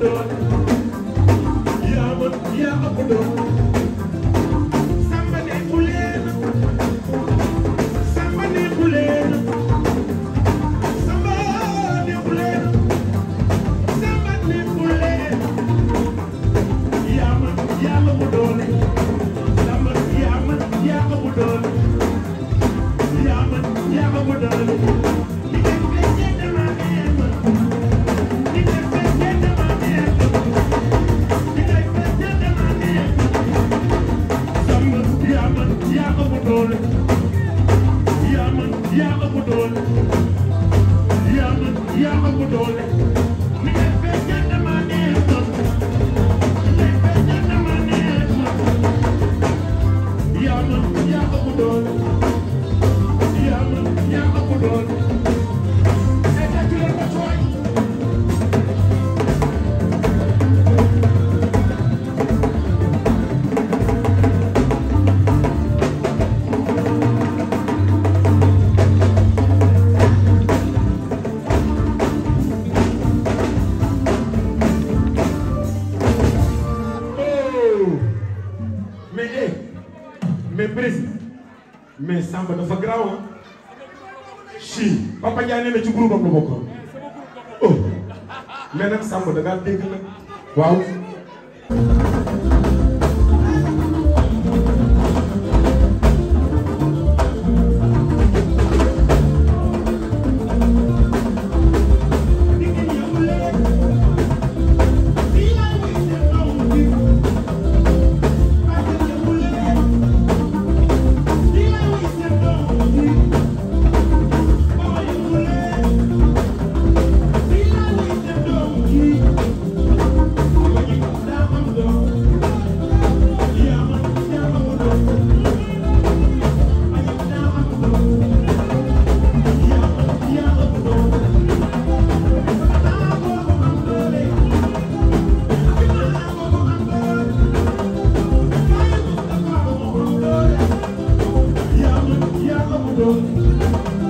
doon yaa mën yaa ëpp doon yaa ma ko doole Samba dafa garaaw ah. si Papa Ndiaye nee na ci groupe am la bokkoon oh mais nag Samba da ngaa dégg nag waaw. Thank you.